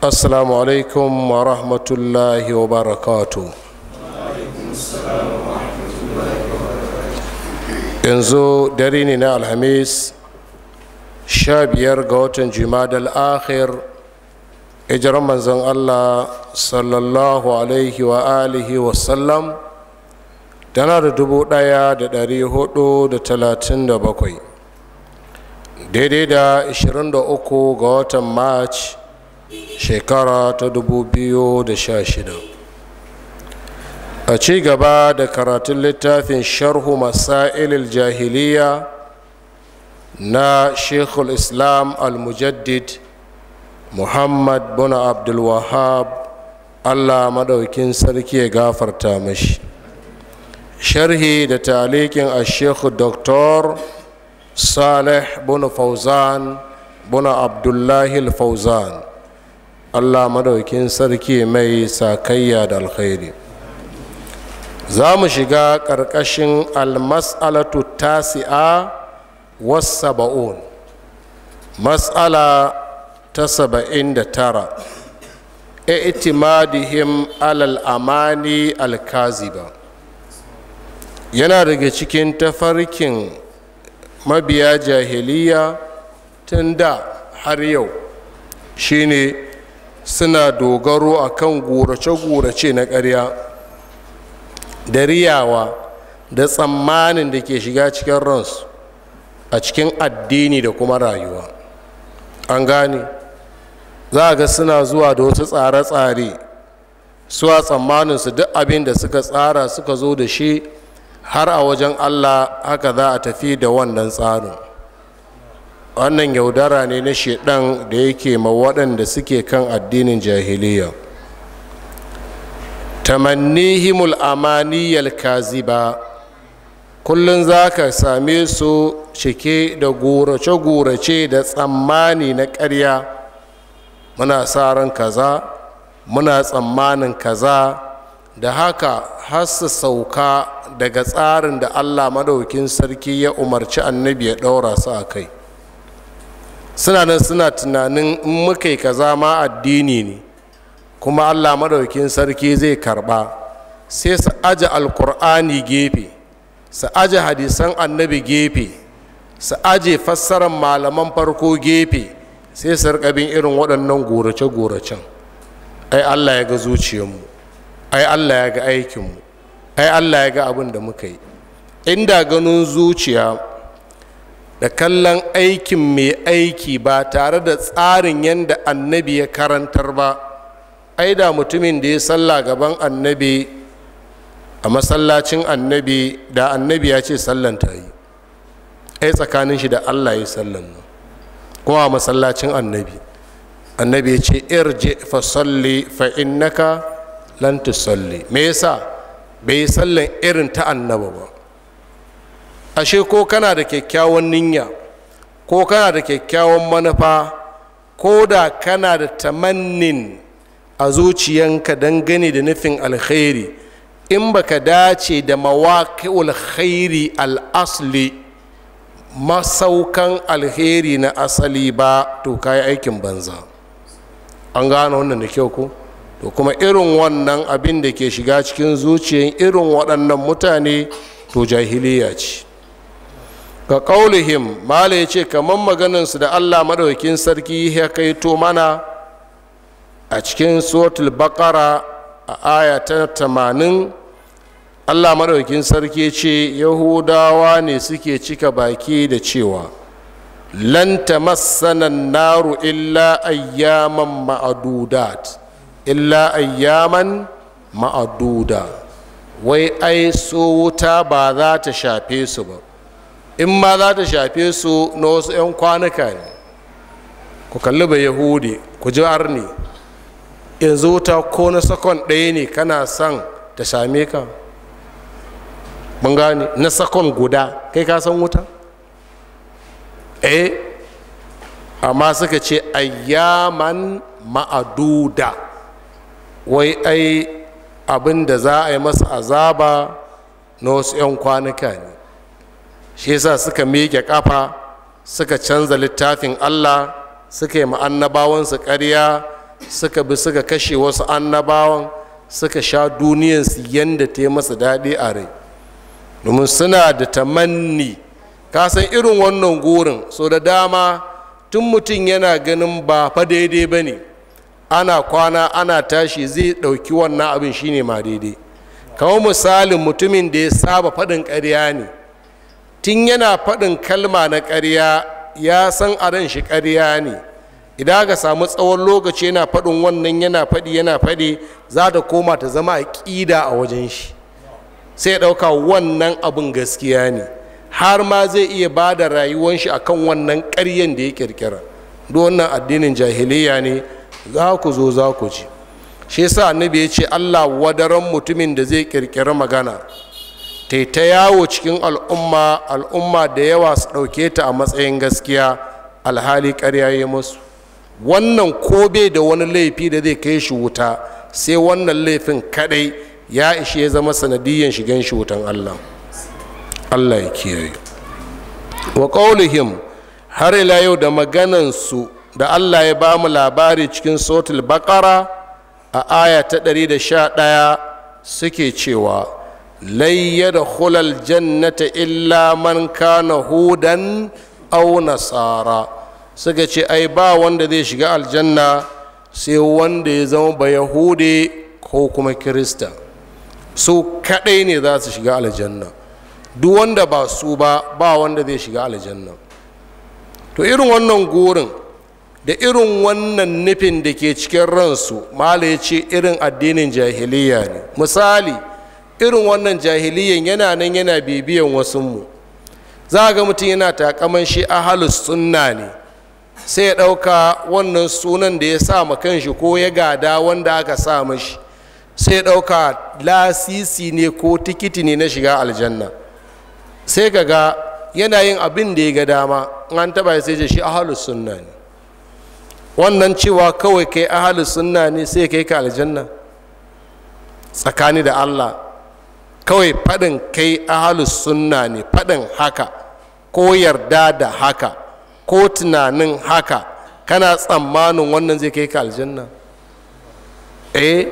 alaikum wa rahmatullahi wa barakatu yanzu dare ne na alhamis sha biyar ga watan jimadal akhir ijiran manzan allah sallallahu alaihi wa alihi wasallam tana da dubu daya da dari hudu da talatin da bakwai daidai da 23 ga watan march shekara ta 2016 a ci gaba da karatun littafin sharhu masailil jahiliya na shekul islam al-mujaddid muhammad bin abdulwahab allah maɗaukin sarki ya gafarta mashi sharhi da talikin a shekul doktor salih bin fauzan bin abdullahi fauzan allah madaukin sarki mai sakayya da alkhairi za mu shiga ƙarƙashin almas'alatu tasi'a wasaba'un mas'ala ta saba'in da tara i'timadihim alal amani alkaziba yana daga cikin tafarkin mabiya jahiliya tun da har yau shine suna dogaro a kan gorace-gorace na ƙarya da riyawa da tsammanin da ke shiga cikin ransu a cikin addini da kuma rayuwa an gane za a ga suna zuwa da wasu tsare-tsare suwa su duk abin da suka tsara suka zo da shi har a wajen allah haka za a tafi da wannan tsarin wannan yaudara ne na shedan da yake ma waɗanda suke kan addinin jahiliya tamannihimul amaniyal kaziba kullum za ka same su cike da gurace-gurace da tsammani na karya? muna sa ran kaza muna tsammanin kaza da haka har su sauka daga tsarin da allah madaukin sarki ya umarci annabi ya ɗaura su a kai suna nan suna tunanin in muka yi kaza ma addini ne kuma allah maɗaukin sarki zai karɓa sai su aje alkur'ani gefe su aje hadisan annabi gefe su aje fassarar malaman farko gefe sai su bin irin waɗannan gorace-goracen ai allah ya ga zuciyarmu ai allah ya ga aikinmu ai allah ya ga abin da muka yi inda ganin zuciya da kallon aikin mai aiki ba tare da tsarin yadda annabi ya karantar ba ai da mutumin da ya sallah gaban annabi a masallacin annabi da annabi ya ce sallan ta yi ai tsakanin shi da allah ya sallan nan kuma a masallacin annabi annabi ya ce irje fa salli fa innaka lantus salli me yasa bai sallan irin ta annaba ba ashe ko kana da kyakkyawan niyya ko kana da kyakkyawan manufa ko da kana da tamannin a zuciyanka dangane da nufin alkhairi in baka dace da mawaƙi'ul khairi al'asli masaukan alheri na asali ba to kayi aikin banza an gano wannan da kyau ko to kuma irin wannan abin da ke shiga cikin zuciyan irin waɗannan mutane to jahiliya ce ka ƙaulihim mala ya ce kamar maganinsu da allah maɗaukin sarki ya kaito mana a cikin suratul bakara a aya ta tamanin allah maɗaukin sarki ce yahudawa ne suke cika baki da cewa lan tamassanan naru illa ayyaman ma'adudat illa ayyaman ma'aduda wai ai so wuta ba za ta shafe su ba in ma za ta shafe su na wasu 'yan kwanuka ne ku kalli ba yahudi ku ji arni yanzu wuta ko na sakon ɗaya ne kana son ta same ka mun gane na sakon guda kai ka san wuta eh amma suka ce ayyaman ma'aduda wai ai abin da za a yi masa azaba na wasu 'yan kwanuka ne shi yasa suka miƙe ƙafa suka canza littafin allah suka yi annabawansu ƙarya suka bi suka kashe wasu annabawan suka sha duniyansu yadda ta yi masa daɗi a rai domin suna da tamanni kasan irin wannan gurin so da dama tun mutum yana ganin ba fa daidai ba ne ana kwana ana tashi zai ɗauki wannan abin shine ma daidai kawo misalin mutumin da ya saba faɗin ƙarya ne tun yana faɗin kalma na ƙarya ya san a ran shi ƙarya ne idan aka samu tsawon lokaci yana faɗin wannan yana faɗi yana faɗi za ta koma ta zama aƙida a wajen shi sai ya ɗauka wannan abin gaskiya ne har ma zai iya ba da rayuwan shi akan wannan ƙaryen da ya ƙirƙira duk wannan addinin jahiliya ne za ku zo za ku ji shi sa annabi ya ce allah wadaran mutumin da zai ƙirƙiri magana ta ta yawo cikin al'umma al'umma da yawa su ɗauke ta a matsayin gaskiya alhali ƙarya yi musu wannan ko bai da wani laifi da zai kai shi wuta sai wannan laifin kaɗai ya ishe ya zama sanadiyyan shigen shi wutan allah allah ya kiyaye wa ƙaulihim har ila yau da maganansu da allah ya ba mu labari cikin sotul bakara a aya ta 111 suke cewa lai hulal jannata illa man kana hudan au nasara suka ce ai ba wanda zai shiga aljanna sai wanda ya zama ba yahude ko kuma kirista su kadai ne za su shiga aljanna duk wanda ba su ba ba wanda zai shiga aljanna to irin wannan gurin da irin wannan nufin da ke cikin ransu mala ya ce irin addinin jahiliya ne misali irin wannan jahiliyan yana nan yana bibiyan wasunmu za ga mutum yana takaman shi ahalus sunna ne sai ya ɗauka wannan sunan da ya sa ma shi ko ya gada wanda aka sa mashi sai ya ɗauka lasisi ne ko tikiti ne na shiga aljanna sai ka ga yana yin abin da ya ga dama an taba sai shi ahalus sunna ne wannan cewa kawai kai ahalus sunna ne sai kai ka aljanna tsakani da allah kawai faɗin kai ahalus sunna ne faɗin haka ko yarda da haka ko tunanin haka kana tsammanin wannan zai kai ka aljanna eh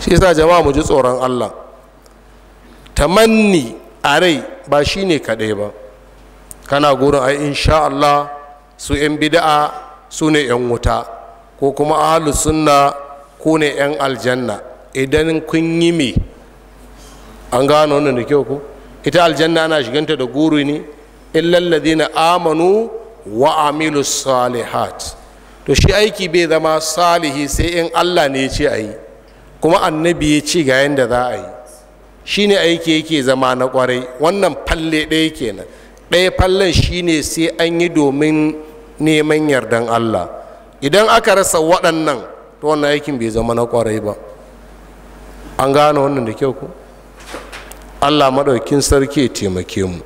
shi yasa jama'a mu ji tsoron allah tamanni a rai ba shi ne kaɗai ba kana gurin ai insha allah su 'yan bida'a su ne 'yan wuta ko kuma ahalus sunna ko ne 'yan aljanna idan kun yi me an gano wannan da kyau ku ita aljanna ana shiganta da guru ne illal na amanu wa amilu salihat to shi aiki bai zama salihi sai in Allah ne ya ce a yi kuma annabi ya ce ga yadda za a yi shine aiki yake zama na kwarai wannan falle ɗaya kenan ɗaya fallen shine sai an yi domin neman yardan Allah idan aka rasa waɗannan to wannan aikin bai zama na kwarai ba an gane wannan da kyau ku allah maɗaukin sarki ya taimake mu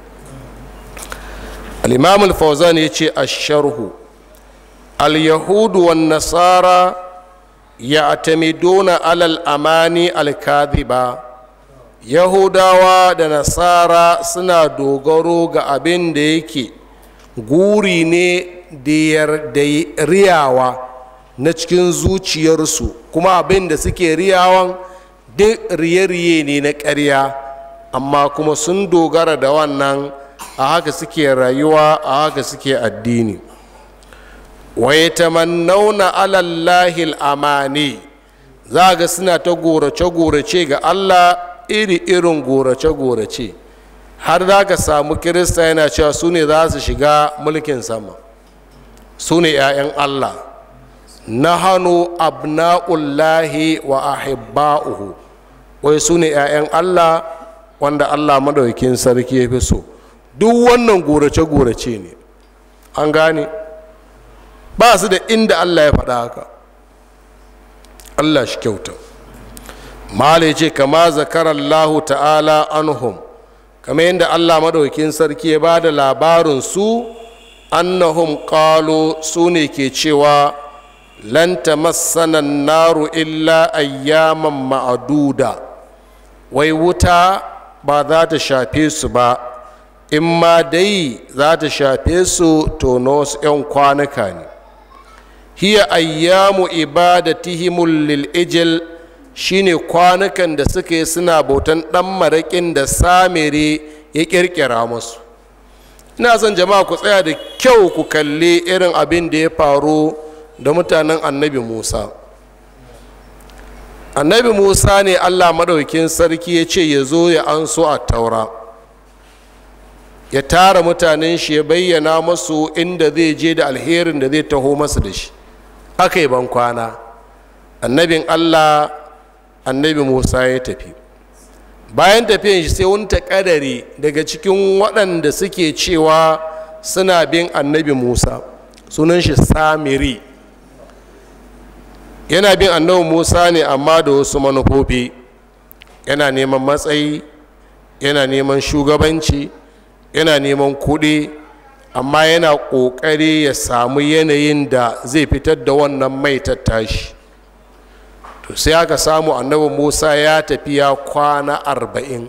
al-imam al-fawzan ya ce a sharhu al-yahudu wa nasara ya dona alal amani al-kadhiba yahudawa da nasara suna dogaro ga abin da yake guri ne da riyawa na cikin zuciyarsu kuma abin da suke riyawan duk riye-riye ne na karya, amma kuma sun dogara da wannan a haka suke rayuwa a haka suke addini waye tamannauna alallahi amani za ga suna ta gorace-gorace ga allah iri-irin gorace-gorace har za ka samu kirista yana cewa su ne za su shiga mulkin sama su ne 'ya'yan allah nahanu abna'ullahi wa ahibba'uhu wai su ne 'ya'yan allah wanda allah madaukin sarki ya fi so duk wannan gorace-gorace ne an gane ba su da inda allah ya faɗa haka allah shi kyauta mala ce kama zakarallahu ta'ala anhum kamar yadda allah madaukin sarki ya ba da labarin su annahum qalu su ne ke cewa lanta masanan naru illa ayyaman ma'aduda wai wuta ba za ta shafe su ba in ma dai za ta shafe su to wasu 'yan kwanuka ne hiya ayyamu ibadatihimul lil ijil shine kwanukan da suka yi suna bautan ɗan maraƙin da samire ya ƙirƙira musu ina son jama'a ku tsaya da kyau ku kalli irin abin da ya faru da mutanen annabi musa annabi musa ne allah maɗaukin sarki ya ce ya zo ya anso a taura ya tara mutanen shi ya bayyana masu inda zai je da alherin da zai taho masu da shi aka yi ban kwana annabin allah annabi musa ya tafi bayan tafiyan shi sai wani takadari daga cikin waɗanda suke cewa suna bin annabi musa sunan shi samiri yana bin annabi musa ne amma da wasu manufofi yana neman matsayi yana neman shugabanci yana neman kuɗi amma yana ƙoƙari ya samu yanayin da zai fitar da wannan mai tattashi to sai aka samu annabi musa ya tafi ya kwana arba'in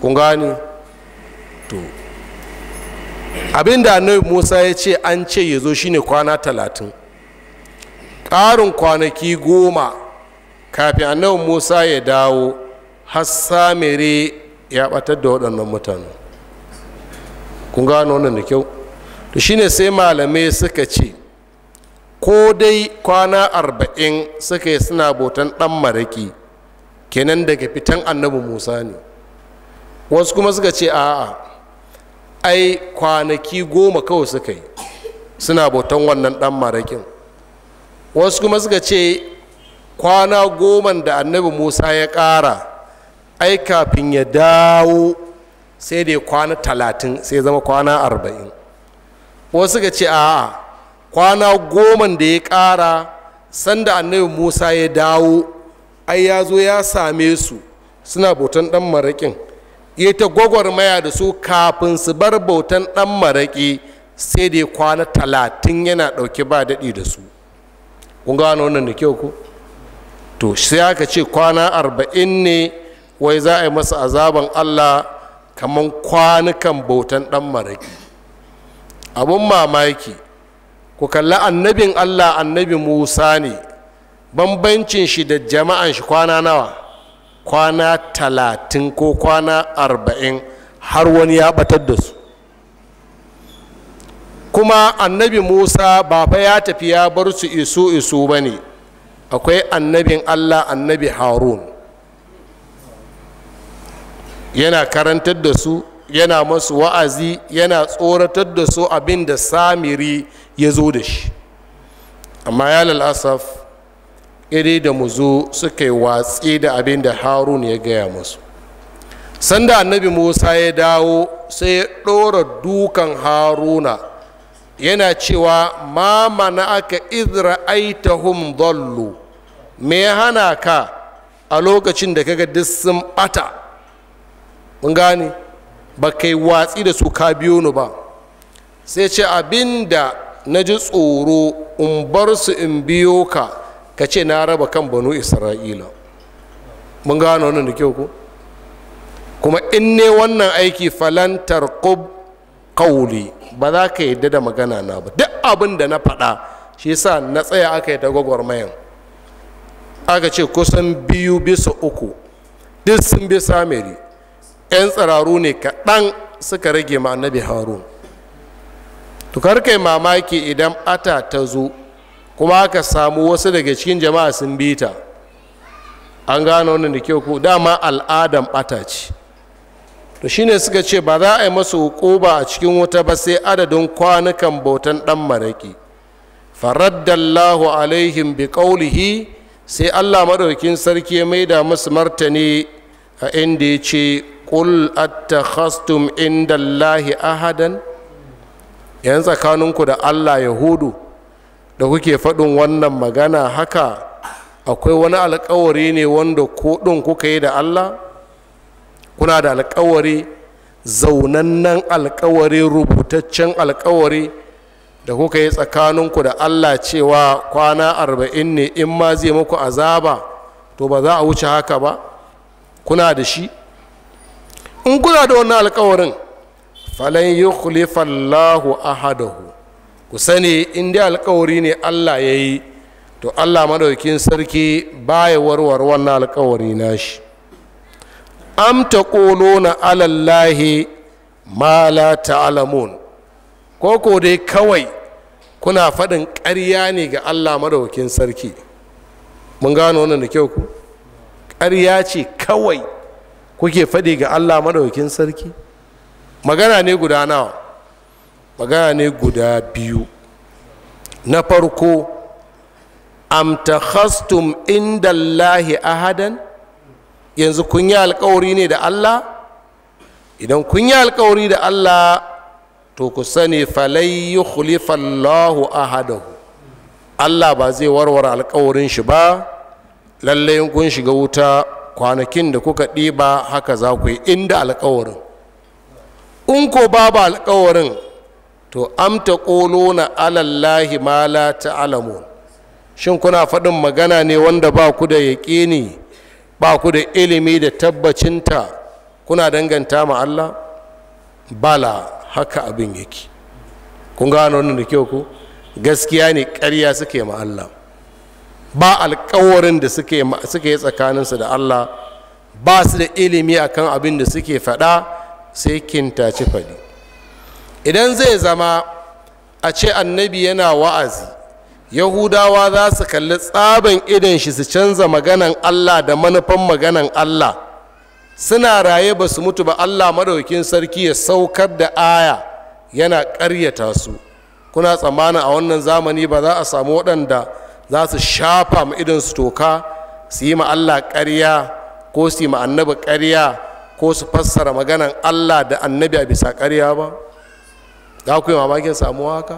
kun gane to abinda annabi musa ya ce an ce ya zo shine kwana talatin ƙarin kwanaki goma kafin annabi musa ya dawo hassamire ya ɓatar da waɗannan mutane kun gano wannan da kyau to shine sai malamai suka ce ko dai kwana arba'in suka yi suna botan ɗan maraki kenan daga fitan annabi musa ne wasu kuma suka ce a'a ai kwanaki goma kawai suka yi suna botan wannan ɗan marakin wasu kuma suka ce kwana goma da annabi musa ya ƙara ai kafin ya dawo sai da kwana talatin sai zama kwana arba'in wasu suka ce a'a kwana goma da ya ƙara sanda annabi musa ya dawo ai ya zo ya same su suna bautan ɗan maraƙin ya ta gwagwarmaya da su kafin su bar bautan ɗan maraƙi sai da kwana talatin yana ɗauke ba daɗi da su kun gano wannan da kyau ku to sai aka ce kwana arba'in ne wai za a yi masa azaban allah kamar kwanukan bautan dan maraki abun mamaki ku kalli annabin allah annabi musa ne bambancin shi da jama'an shi kwana nawa kwana talatin ko kwana arba'in har wani ya batar da su kuma annabi musa ba fa ya tafi ya bar su isu isu ba ne akwai annabin allah annabi harun yana karantar da su yana masu wa'azi yana tsoratar da su abin da samiri ya zo da shi amma ya lalasaf iri da zo suka yi watsi da abin da harun ya gaya musu sanda annabi musa ya dawo sai ya ɗora dukan haruna yana cewa ma mana aka idra aitahum dhallu me ya hana ka a lokacin da kaga duk sun bata mun gane ba kai watsi da su ka biyo ni ba sai ce abinda na ji tsoro in bar su in biyo ka ka ce na raba kan banu isra'ila mun gano wannan da kyau ko kuma in ne wannan aiki falantar kub kauli ba za ka yadda da magana na ba duk abin da na faɗa shi yasa na tsaya aka yi ta gwagwarmayan aka ce kusan biyu bisa uku duk sun bi samiri 'yan tsiraru ne kaɗan suka rage ma annabi harun tukar kai mamaki idan ata ta zo kuma aka samu wasu daga cikin jama'a sun bi ta an gano wannan da kyau ko dama al'adan ata ce to shine suka ce ba za a yi masu hukuba a cikin wuta ba sai adadin kwanukan bautan ɗan maraki faraddallahu alaihim bi ƙaulihi sai allah madaukin sarki ya maida musu martani a inda ya ce qul attakhastum indallahi ahadan yan tsakaninku da allah yahudu da kuke faɗin wannan magana haka akwai wani alkawari ne wanda ko ɗin kuka yi da allah kuna da alkawari zaunannen alkawari rubutaccen alkawari da kuka yi tsakaninku da allah cewa kwana arba'in ne in ma zai muku azaba to ba za a wuce haka ba kuna da shi in kuna da wannan alkawarin falan yukhlifallahu ahadahu ku sani in dai alkawari ne allah ya yi to allah madaukin sarki baya warware wannan alkawari shi. am taquluna ala allahi ma la ta'lamun ko ko dai kawai kuna faɗin ƙarya ne ga Allah madawakin sarki mun gano wannan da kyau ku ƙarya ce kawai kuke faɗi ga Allah madawakin sarki magana ne guda nawa magana ne guda biyu na farko am takhastum inda Allahi ahadan yanzu kun yi alkawari ne da allah idan kun yi alkawari da allah to ku sani falai yi khulifallahu ahadahu allah ba zai warware alkawarin shi ba lallai kun shiga wuta kwanakin da kuka ɗiba haka za ku yi inda alkawarin in ko babu alkawarin to amta na alallahi ma la ta'alamun shin kuna faɗin magana ne wanda ba ku da yaƙini ba ku da ilimi da tabbacinta kuna danganta ma Allah bala haka abin yake kun gano wannan da kyau ku gaskiya ne ƙarya suke ma Allah ba alkawarin da suke yi tsakaninsu da Allah ba su da ilimi akan abin da suke faɗa sai kintace faɗi idan zai zama a ce annabi yana wa'azi yahudawa za su kalli tsaban idan shi su canza maganan allah da manufan maganan allah suna raye ba su mutu ba allah madaukin sarki ya saukar da aya yana karyata su kuna tsammanin a wannan zamani ba za a samu waɗanda za su shafa ma idan su toka su yi ma allah karya ko su yi ma annabi karya ko su fassara maganan allah da annabi a bisa karya ba za ku yi mamakin samuwa haka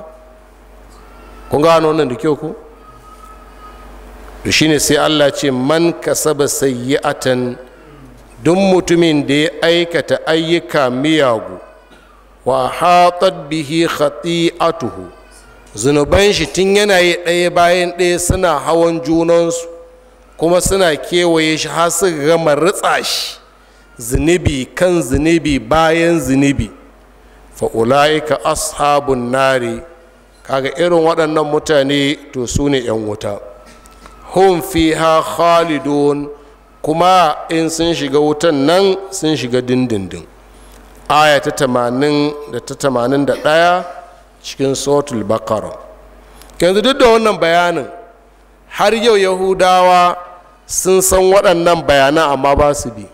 kun gano wannan da kyau ku to shine sai allah ce man kasaba sayyi'atan duk mutumin da ya aikata ayyuka miyagu wa hatat bihi khati'atuhu zunuban shi tun yana yi ɗaya bayan ɗaya suna hawan junansu kuma suna kewaye shi har su gama ritsa shi zunubi kan zunubi bayan zunubi fa'ula'ika ashabun nari kaga irin waɗannan mutane to su ne 'yan wuta hun fi ha khalidun kuma in sun shiga wutan nan sun shiga dindindin aya ta tamanin da ta tamanin da ɗaya cikin sotul bakar yanzu duk da wannan bayanin har yau yahudawa sun san waɗannan bayanan amma ba su bi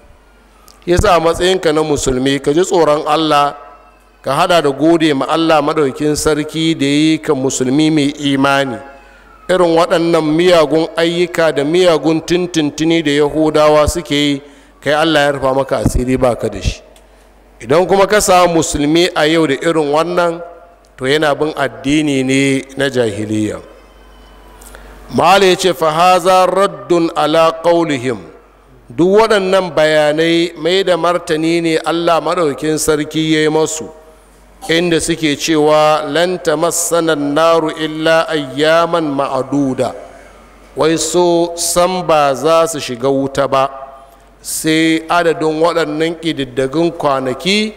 yasa a matsayinka na musulmi ka ji tsoron allah ka hada da gode ma allah maɗaukin sarki da yi ka musulmi mai imani irin waɗannan miyagun ayyuka da miyagun tintintini da yahudawa suke yi kai allah ya rufa maka asiri ba ka da shi idan kuma ka samu musulmi a yau da irin wannan to yana bin addini ne na jahiliya mala ya ce fahaza raddun ala qaulihim duk waɗannan bayanai mai da martani ne allah maɗaukin sarki ya yi masu inda suke cewa lanta masanan naru illa ayyaman ma'aduda wai so san ba za su shiga wuta ba sai adadin waɗannan ƙididdagin kwanaki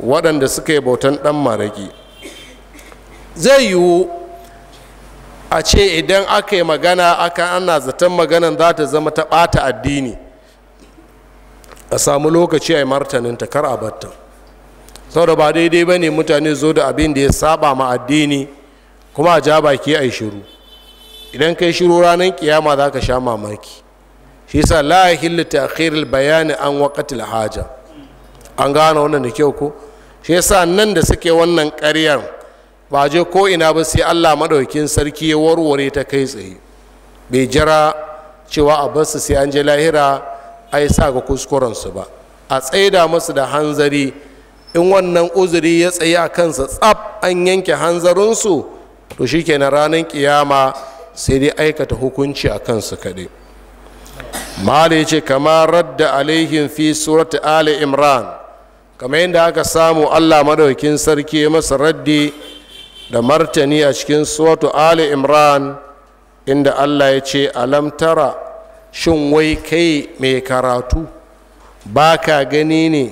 waɗanda suka yi bautan ɗan maraƙi zai yiwu a ce idan aka yi magana aka ana zaton maganan za ta zama ta ɓata addini a samu lokaci a yi martaninta kar a batta saboda ba daidai ba ne mutane zo da abin da ya saba ma addini kuma a ja baki a yi shiru idan kai shiru ranar kiyama za ka sha mamaki shi sa la yahillu ta'khirul bayani an waqtil haja an gane wannan da kyau ko shi sa nan da suke wannan ƙaryar ba je ko ina ba sai Allah madaukin sarki ya warware ta kai tsaye bai jira cewa a basu sai an je lahira ai sa ga kuskuren su ba a tsaida musu da hanzari in wannan uzuri ya tsaye a kansa tsab an yanke hanzarinsu to shi na ranar kiyama sai dai aikata hukunci a kansu kaɗai mala ya ce kamar radda alaihim fi surat ali imran kamar yadda aka samu allah madaukin sarki masa raddi da martani a cikin suratu ali imran inda allah ya ce alamtara shin wai kai mai karatu ba ka gani ne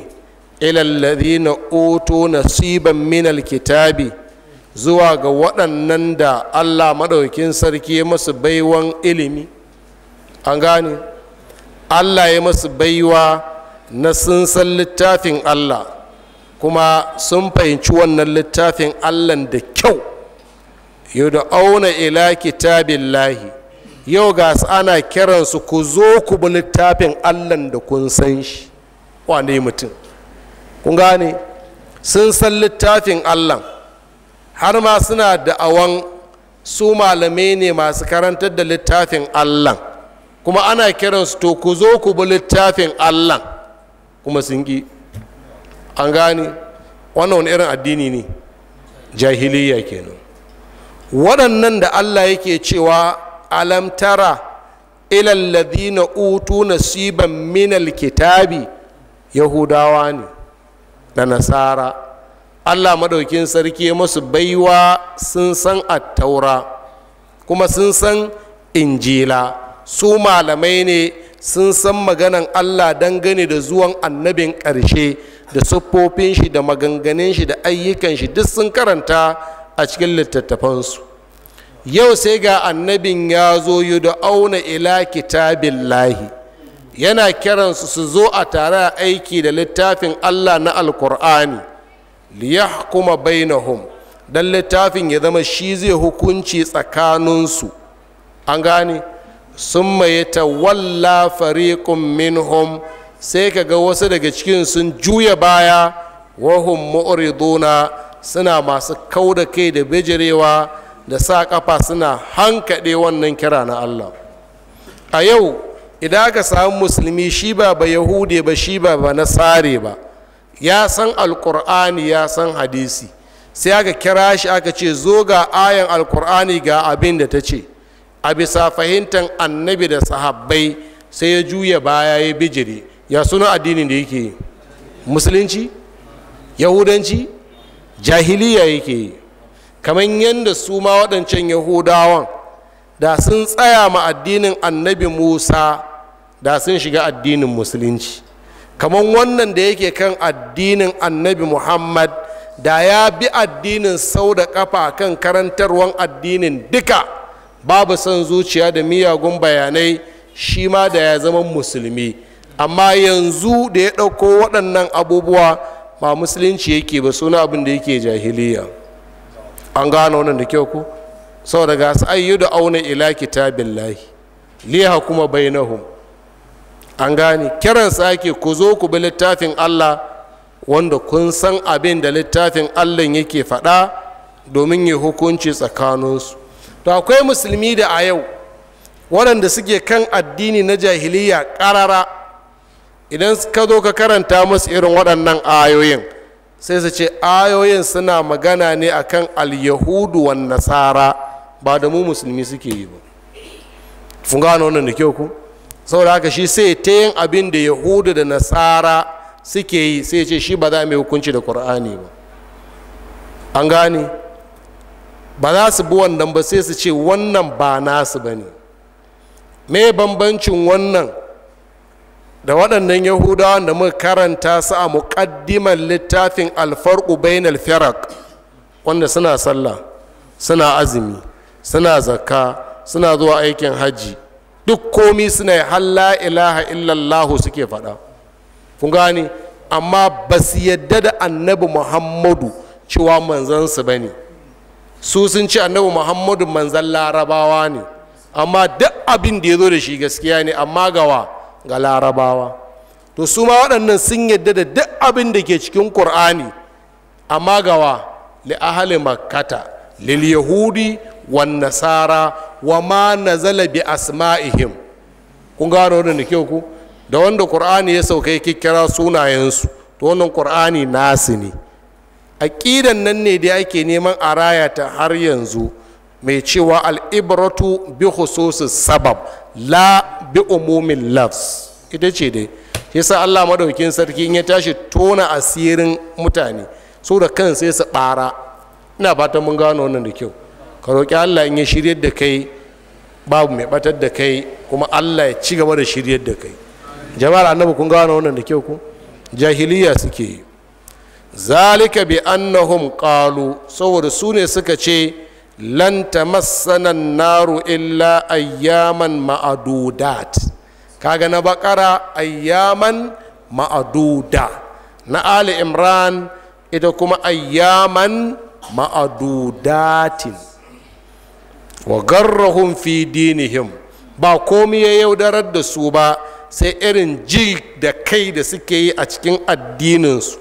ilallazina na nasiban minal kitabi zuwa ga waɗannan da allah maɗaukin sarki ya masu baiwan ilimi an gane allah ya masu baiwa na sun san littafin allah kuma sun fahimci wannan littafin allah da kyau yau da auna ila kitabin lahi yau ga ana kiransu ku zo ku bi littafin allah da kun san shi wane mutum kun gane sun san littafin allah har ma suna awan su malamai ne masu karantar da littafin allah kuma ana kiransu to ku zo ku bi littafin allah kuma sun ƙi an gane wannan wani irin addini ne jahiliya kenan waɗannan da allah yake cewa alamtara ladina utu nasiban minal kitabi yahudawa ne da nasara allah maɗaukin sarki ya masu baiwa sun san attaura kuma sun san injila su malamai ne sun san maganan allah dangane da zuwan annabin ƙarshe da siffofin shi da maganganun shi da ayyukan shi duk sun karanta a cikin littattafansu yau sai ga annabin ya zo yi da auna ila kitabillahi yana kiransu su zo a tare a aiki da littafin allah na alkur'ani liyahkuma bainahum dan littafin ya zama shi zai hukunci tsakaninsu an gane sun ta tawalla fariqun minhum sai ka ga wasu daga cikin sun juya baya wahum mu'riduna suna masu kau da kai da bijirewa da sa kafa suna hankaɗe wannan kira na allah a yau idan aka samu musulmi shi ba ba yahude ba shi ba ba nasare ba ya san alkur'ani ya san hadisi sai aka kira shi aka ce zo ga ayan alkur'ani ga abin da ta ce a bisa fahimtar annabi da sahabbai sai ya juya baya ya bijire ya suna addinin da yake musulunci yahudanci jahiliya yake yi kamar yadda su ma waɗancan yahudawan da sun tsaya ma addinin annabi musa da sun shiga addinin musulunci kamar wannan da yake kan addinin annabi muhammad da ya bi addinin sau da kafa kan karantarwan addinin duka babu son zuciya da miyagun bayanai shi ma da ya zama musulmi amma yanzu da ya ɗauko waɗannan abubuwa ba musulunci yake ba suna abin da yake jahiliya an gano wannan da kyau ku sau daga su ayyu da auna ila kitabillahi liha kuma bainahum an gane kiran ake ku zo ku bi littafin allah wanda kun san abin da littafin allah yake faɗa domin ya hukunci tsakaninsu to akwai musulmi da a yau waɗanda suke kan addini na jahiliya karara idan ka zo ka karanta musu irin waɗannan ayoyin sai su ce ayoyin suna magana ne akan alyahudu wa nasara ba da mu musulmi suke yi ba fun gano wannan da kyau ku saboda haka shi sai ta yin abin da yahudu da nasara suke yi sai ce shi ba za mai hukunci da ƙur'ani ba an gane ba za su bi wannan ba sai su ce wannan ba nasu ba ne me bambancin wannan da waɗannan yahudawa da muka karanta su a muƙaddimar littafin alfarƙu bainal firak wanda suna sallah suna azumi suna zakka suna zuwa aikin hajji duk komi suna halla ilaha illallahu suke faɗa kun gani amma ba su yadda da annabi muhammadu cewa manzansu ba ne su sun ci annabi muhammadu manzan larabawa ne amma duk abin da ya zo da shi gaskiya ne amma gawa ga larabawa to su ma waɗannan sun yadda da duk abin da ke cikin ƙur'ani amma gawa li ahali makkata lil yahudi wan nasara wa ma zala bi asma'ihim kun gano wani da kyau ku da wanda qur'ani ya sauka ya kira sunayensu to wannan qur'ani nasu ne aqidan nan ne da ake neman a raya ta har yanzu mai cewa al'ibratu bi khususis sabab la bi umumin lafs ita ce dai shi sa Allah madaukin sarki in ya tashi tona asirin mutane so da kan sai su bara ina fatan mun gano wannan da kyau ka roƙi allah in ya shiryar da kai babu mai batar da kai kuma allah ya ci gaba da shiryar da kai jama'ar annabi kun gano wannan da kyau ku jahiliya suke yi zalika bi annahum qalu saboda su ne suka ce lanta tamassana naru illa ayyaman ma'adudat kaga na bakara ayyaman ma'aduda na ali imran ita kuma ayyaman ma'adudatin wa garrahun fi dinihim ba komi ya yaudarar da su ba sai irin ji da kai da suke yi a cikin addininsu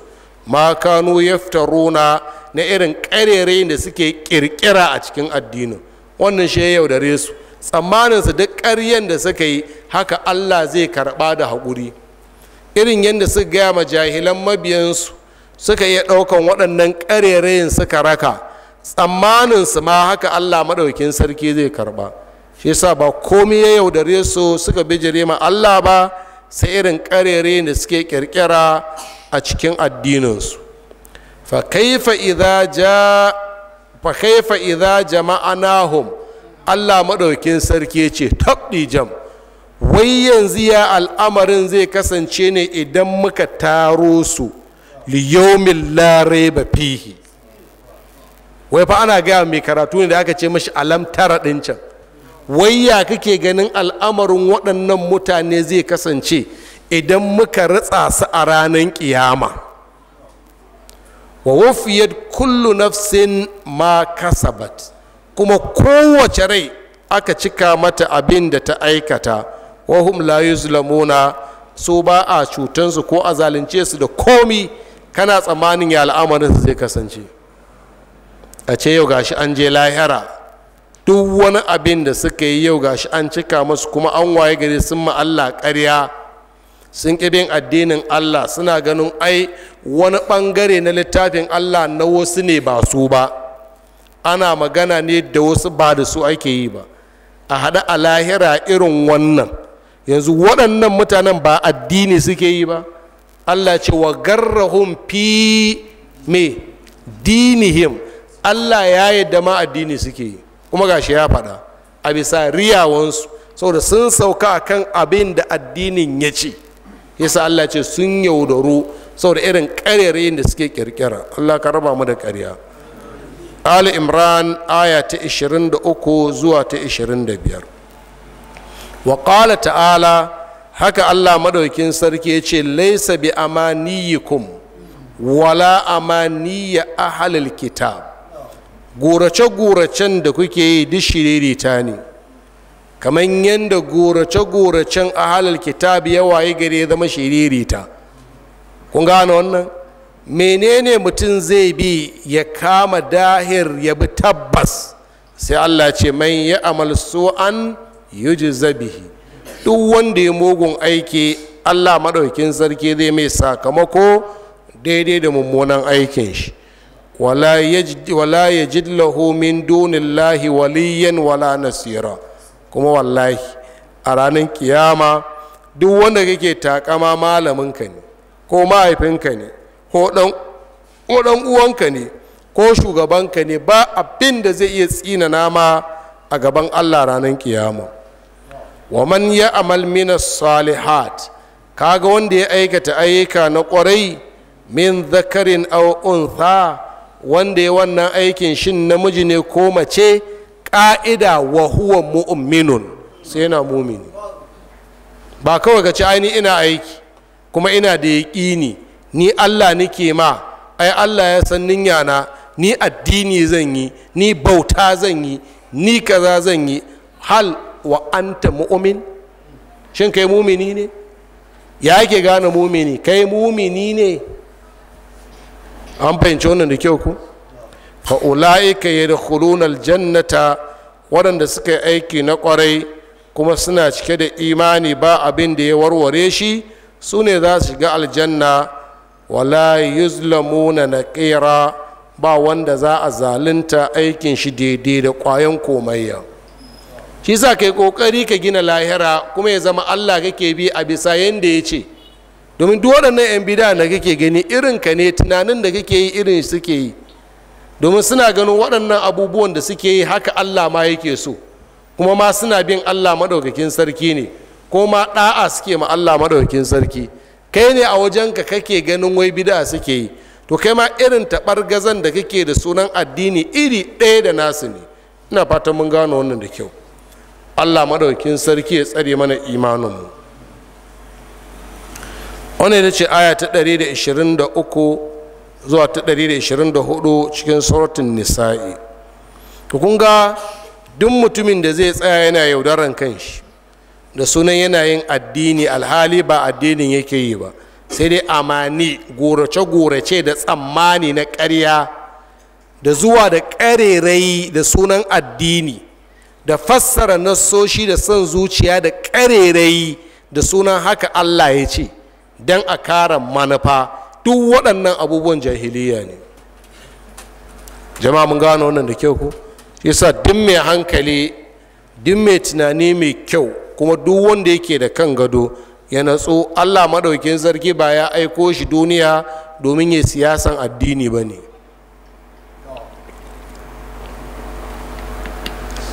ma kanu yaftaruna na irin karere da suke kirkira a cikin addinin wannan shi ya yaudare su tsammaninsu duk karyen da suka yi haka allah zai karɓa da haƙuri irin yadda suka gaya ma jahilan mabiyansu suka iya ɗaukan waɗannan ƙarerayin suka raka tsammaninsu ma haka allah maɗaukin sarki zai karɓa shi yasa ba komai ya yaudare su suka bijire ma allah ba sai irin ƙarere da suke ƙirƙira a cikin addininsu fa kaifa idza nahum allah maɗaukin sarki ce tabɗi jam wai yanzu ya al'amarin zai kasance ne idan muka taro su liyomin larai ba fihi wai fa ana gaya mai karatu ne da aka ce mashi alam tara ɗin can wai ya kake ganin al'amarin waɗannan mutane zai kasance idan muka ritsa su a ranar ƙiyama wa wufiyar kullu nafsin ma kasabat kuma kowace rai aka cika mata abin da ta aikata wahum la yuzlamuna su ba a cutansu ko a zalunce su da komi kana tsammanin ya al'amarin su zai kasance a ce yau gashi an je lahira duk wani abin da suka yi yau gashi an cika masu kuma an waye gari sun ma Allah ƙarya sun bin addinin Allah suna ganin ai wani ɓangare na littafin Allah na wasu ne ba su ba ana magana ne da wasu ba da su ake yi ba a haɗa a lahira irin wannan yanzu waɗannan mutanen ba addini suke yi ba Allah ce wa garrahun fi me dinihim allah ya yadda ma addini suke yi kuma gashi ya faɗa a bisa riyawansu saboda sun sauka a kan abin da addinin ya ce yasa allah ce sun yaudaru saboda irin ƙarerayin da suke ƙirƙira allah ka raba mu da ƙarya ali imran aya ta 23 zuwa ta 25 wa ƙala ta'ala haka allah madaukin sarki ya ce laisa bi amaniyikum wala amaniya ahalil kitab gorace-goracen da kuke yi duk shiririta ne kamar yadda gorace-goracen a halar kitab ya yi gare zama shiririta kun gane wannan menene mutum zai bi ya kama dahir ya bi tabbas sai allah ce mai ya amal su'an yuji zabihi duk wanda ya mugun aiki allah maɗaukin sarki zai mai sakamako daidai da mummunan aikin shi wala yajid lahu min dunillahi waliyan wala nasira kuma wallahi a ranar kiyama duk wanda kake takama malaminka ne ko mahaifinka ne ko dan uwanka ne ko shugabanka ne ba abin da zai iya tsina nama a gaban allah ranar kiyama wa man ya amal mina salihat kaga wanda ya aikata ayyuka na kwarai min zakarin au'unsa. wanda ya wannan aikin shin namiji ne ko mace ƙa'ida wa huwa mu'minun sai yana mumini ba kawai ka ci aini ina aiki kuma ina da yaƙini ni allah nike ma ai allah ya san ninya na ni addini zan yi ni bauta zan yi ni kaza zan yi hal wa anta mu'min shin kai mumini ne ya ke gane mumini kai mumini ne an fahimci wannan da kyau ku fa ula'ika yadkhuluna jannata waɗanda suka yi aiki na ƙwarai kuma suna cike da imani ba abin da ya warware shi su ne za su shiga aljanna wala na naqira ba wanda za a zalunta aikin shi daidai da ƙwayan komayya shi sa kai ƙoƙari ka gina lahira kuma ya zama allah kake bi a bisa yadda ya ce domin duk waɗannan 'yan bida da kake gani irin ka ne tunanin da kake yi irin suke yi domin suna ganin waɗannan abubuwan da suke yi haka allah ma yake so kuma ma suna bin allah maɗaukakin sarki ne ko ma ɗa'a suke ma allah maɗaukakin sarki kai ne a wajenka kake ganin wai bida suke yi to kai ma irin taɓar gazan da kake da sunan addini iri ɗaya da nasu ne ina fatan mun gano wannan da kyau allah maɗaukakin sarki ya tsare mana mu. wani da ce aya ta 123 zuwa ta 124 cikin suratun nisa'i to kun ga duk mutumin da zai tsaya yana yaudaran shi da sunan yanayin addini alhali ba addinin yake yi ba sai dai amani gorace-gorace da tsammani na ƙarya da zuwa da ƙarerai da sunan addini da fassara nassoshi da son zuciya da ƙarerai da sunan haka allah ya ce don a kara manufa duk waɗannan abubuwan jahiliya ne jama'a mun gano wannan da kyau ko yasa duk mai hankali duk mai tunani mai kyau kuma duk wanda yake da kan gado ya natsu allah maɗaukin sarki ba ya aiko shi duniya domin ya siyasan addini ba ne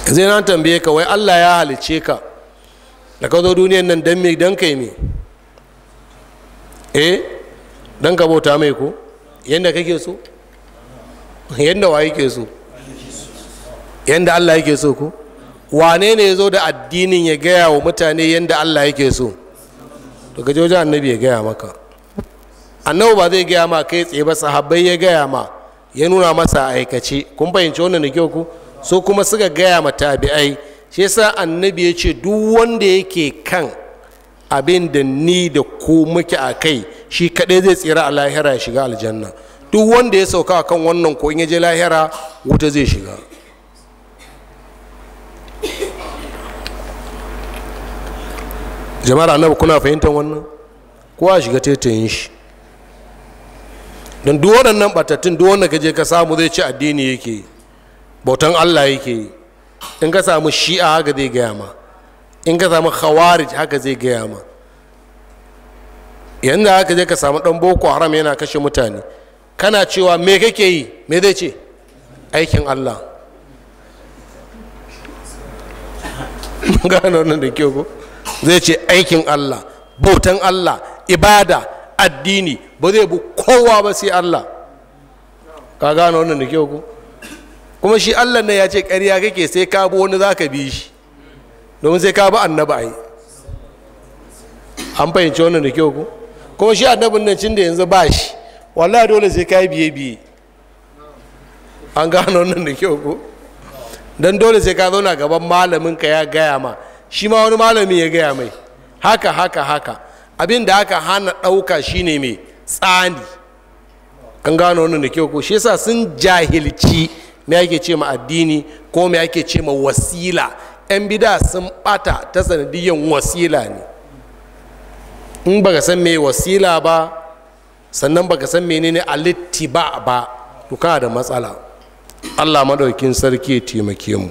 zai na tambaye ka wai allah ya halice ka da ka zo duniyan nan don kai eh dan ka bauta mai ko yadda kake so yadda wa yake so yadda Allah yake so ko wane ne ya zo da addinin ya gaya wa mutane yadda Allah yake so to ka jojo annabi ya gaya maka annabi ba zai gaya ma kai tsaye ba sahabbai ya gaya ma ya nuna masa aikace kun fahimci wannan da kyau ku so kuma suka gaya ma tabi'ai shi yasa annabi ya ce duk wanda yake kan abin da ni da ku muke a kai shi kaɗai zai tsira a lahira ya shiga aljanna duk wanda ya sauka kan wannan ko in ya je lahira wuta zai shiga jama'ar annabi kuna fahimtar wannan kowa shiga taitayin shi don duk waɗannan batattun duk wanda ka je ka samu zai ci addini yake bautan allah yake in ka samu shi'a haka zai gaya ma in ka samu khawarij haka zai gaya ma yanda haka zai ka samu ɗan boko haram yana kashe mutane kana cewa me kake yi me zai ce aikin allah gano nan da kyau ko zai ce aikin allah bautan allah ibada addini ba zai bu kowa ba sai allah ka gano wannan da kyau ko kuma shi allah ne ya ce ƙarya kake sai ka bi wani za ka bi shi domin sai ka bi annabi yi an fahimci wannan da kyau ko kuma shi annabin nan cin da yanzu ba shi wallahi dole sai ka yi biye biye an gano wannan da kyau ko don dole sai ka zauna gaban malamin ka ya gaya ma shi ma wani malami ya gaya mai haka haka haka abin da aka hana ɗauka shine mai tsani an gano wannan da kyau ko shi yasa sun jahilci me ake ce ma addini ko me ake ce ma wasila 'yan bida sun bata ta sanadiyyar wasila ne in baka san me wasila ba sannan baka san menene alittiba ba to kana da matsala allah maɗaukin sarki ya taimake mu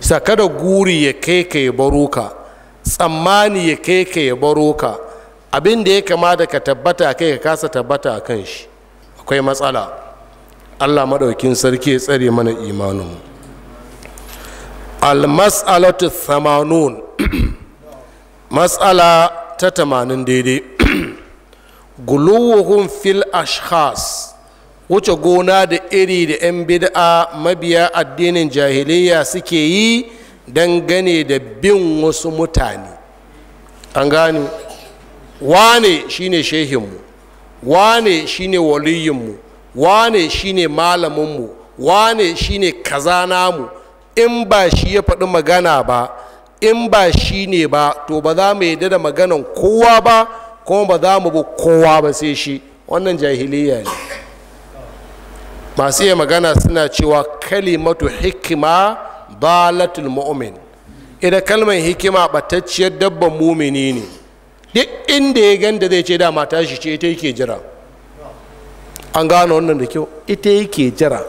sa kada guri ya kai ka ya baro ka tsammani ya kai ka ya baro ka abin da ya kamata ka tabbata kai ka kasa tabbata a kan shi akwai matsala allah maɗaukin sarki ya tsare mana imanin mu. almas'alatu thamanun mas'ala ta tamanin daidai guluwuhun fil ashkhas wuce gona da iri da 'yan bid'a mabiya addinin jahiliya suke yi dangane da bin wasu mutane an gani wane shine shehinmu wane shine waliyinmu wane shine malaminmu wane shine kaza kazanamu. in ba shi ya faɗi magana ba in ba shi ne ba to ba za mu yadda da maganan kowa ba kuma ba za mu bi kowa ba sai shi wannan jahiliya ne masu iya magana suna cewa kalimatu hikima dalatul mu'min idan kalmar hikima batacciyar dabban mumini ne duk inda ya ganda zai ce da mata shi ce ita yake jira an gano wannan da kyau ita yake jira